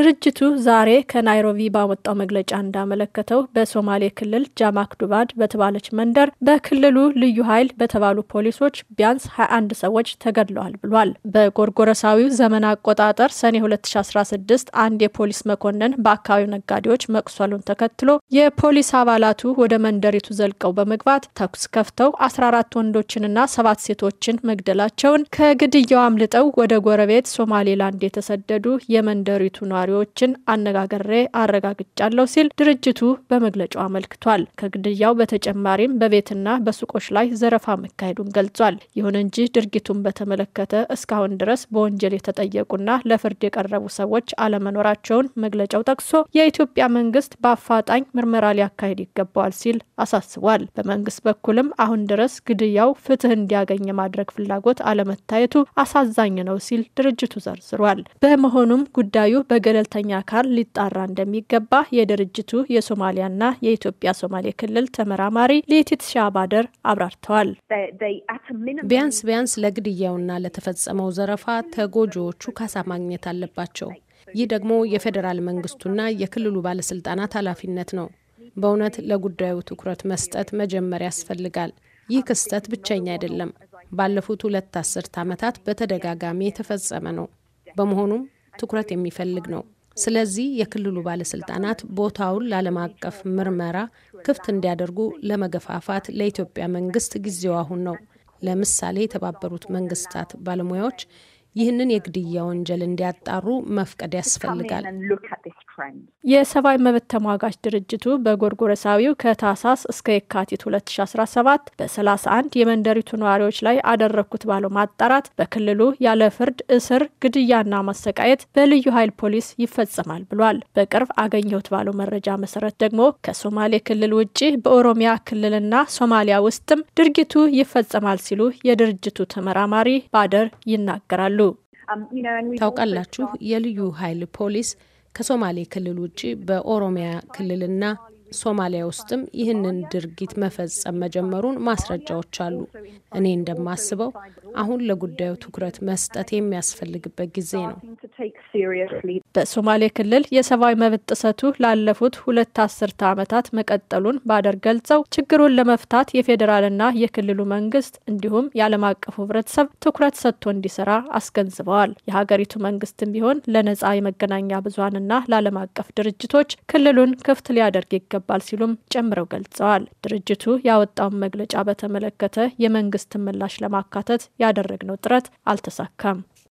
ድርጅቱ ዛሬ ከናይሮቢ ባወጣው መግለጫ እንዳመለከተው በሶማሌ ክልል ጃማክ ዱባድ በተባለች መንደር በክልሉ ልዩ ኃይል በተባሉ ፖሊሶች ቢያንስ 21 ሰዎች ተገድለዋል ብሏል። በጎርጎረሳዊው ዘመን አቆጣጠር ሰኔ 2016 አንድ የፖሊስ መኮንን በአካባቢው ነጋዴዎች መቁሰሉን ተከትሎ የፖሊስ አባላቱ ወደ መንደሪቱ ዘልቀው በመግባት ተኩስ ከፍተው 14 ወንዶችንና ሰባት ሴቶችን መግደላቸውን ከግድያው አምልጠው ወደ ጎረቤት ሶማሌላንድ የተሰደዱ የመንደሪቱ ነዋሪ ተጠርጣሪዎችን አነጋግሬ አረጋግጫለሁ ሲል ድርጅቱ በመግለጫው አመልክቷል። ከግድያው በተጨማሪም በቤትና በሱቆች ላይ ዘረፋ መካሄዱን ገልጿል። ይሁን እንጂ ድርጊቱን በተመለከተ እስካሁን ድረስ በወንጀል የተጠየቁና ለፍርድ የቀረቡ ሰዎች አለመኖራቸውን መግለጫው ጠቅሶ የኢትዮጵያ መንግስት በአፋጣኝ ምርመራ ሊያካሄድ ይገባዋል ሲል አሳስቧል። በመንግስት በኩልም አሁን ድረስ ግድያው ፍትህ እንዲያገኝ የማድረግ ፍላጎት አለመታየቱ አሳዛኝ ነው ሲል ድርጅቱ ዘርዝሯል። በመሆኑም ጉዳዩ በገለ በገለልተኛ አካል ሊጣራ እንደሚገባ የድርጅቱ የሶማሊያና የኢትዮጵያ ሶማሌ ክልል ተመራማሪ ሌቲት ሻባደር አብራርተዋል። ቢያንስ ቢያንስ ለግድያውና ለተፈጸመው ዘረፋ ተጎጂዎቹ ካሳ ማግኘት አለባቸው። ይህ ደግሞ የፌዴራል መንግስቱና የክልሉ ባለስልጣናት ኃላፊነት ነው። በእውነት ለጉዳዩ ትኩረት መስጠት መጀመር ያስፈልጋል። ይህ ክስተት ብቸኛ አይደለም። ባለፉት ሁለት አስርት ዓመታት በተደጋጋሚ የተፈጸመ ነው። በመሆኑም ትኩረት የሚፈልግ ነው። ስለዚህ የክልሉ ባለስልጣናት ቦታውን ለዓለም አቀፍ ምርመራ ክፍት እንዲያደርጉ ለመገፋፋት ለኢትዮጵያ መንግስት ጊዜው አሁን ነው። ለምሳሌ የተባበሩት መንግስታት ባለሙያዎች ይህንን የግድያ ወንጀል እንዲያጣሩ መፍቀድ ያስፈልጋል። የሰብአዊ መብት ተሟጋች ድርጅቱ በጎርጎረሳዊው ከታህሳስ እስከ የካቲት 2017 በ31 የመንደሪቱ ነዋሪዎች ላይ አደረግኩት ባለው ማጣራት በክልሉ ያለ ፍርድ እስር፣ ግድያና ማሰቃየት በልዩ ኃይል ፖሊስ ይፈጸማል ብሏል። በቅርብ አገኘሁት ባለው መረጃ መሰረት ደግሞ ከሶማሌ ክልል ውጭ በኦሮሚያ ክልልና ሶማሊያ ውስጥም ድርጊቱ ይፈጸማል ሲሉ የድርጅቱ ተመራማሪ ባደር ይናገራሉ። um, ታውቃላችሁ የልዩ ኃይል ፖሊስ ከሶማሌ ክልል ውጭ በኦሮሚያ ክልልና ሶማሊያ ውስጥም ይህንን ድርጊት መፈጸም መጀመሩን ማስረጃዎች አሉ። እኔ እንደማስበው አሁን ለጉዳዩ ትኩረት መስጠት የሚያስፈልግበት ጊዜ ነው። በሶማሌ ክልል የሰብአዊ መብት ጥሰቱ ላለፉት ሁለት አስርተ ዓመታት መቀጠሉን ባደር ገልጸው ችግሩን ለመፍታት የፌዴራልና የክልሉ መንግስት እንዲሁም የዓለም አቀፉ ህብረተሰብ ትኩረት ሰጥቶ እንዲሰራ አስገንዝበዋል። የሀገሪቱ መንግስትም ቢሆን ለነጻ የመገናኛ ብዙሀንና ለዓለም አቀፍ ድርጅቶች ክልሉን ክፍት ሊያደርግ ይገባል ይገባል ሲሉም ጨምረው ገልጸዋል። ድርጅቱ ያወጣውን መግለጫ በተመለከተ የመንግስትን ምላሽ ለማካተት ያደረግነው ጥረት አልተሳካም።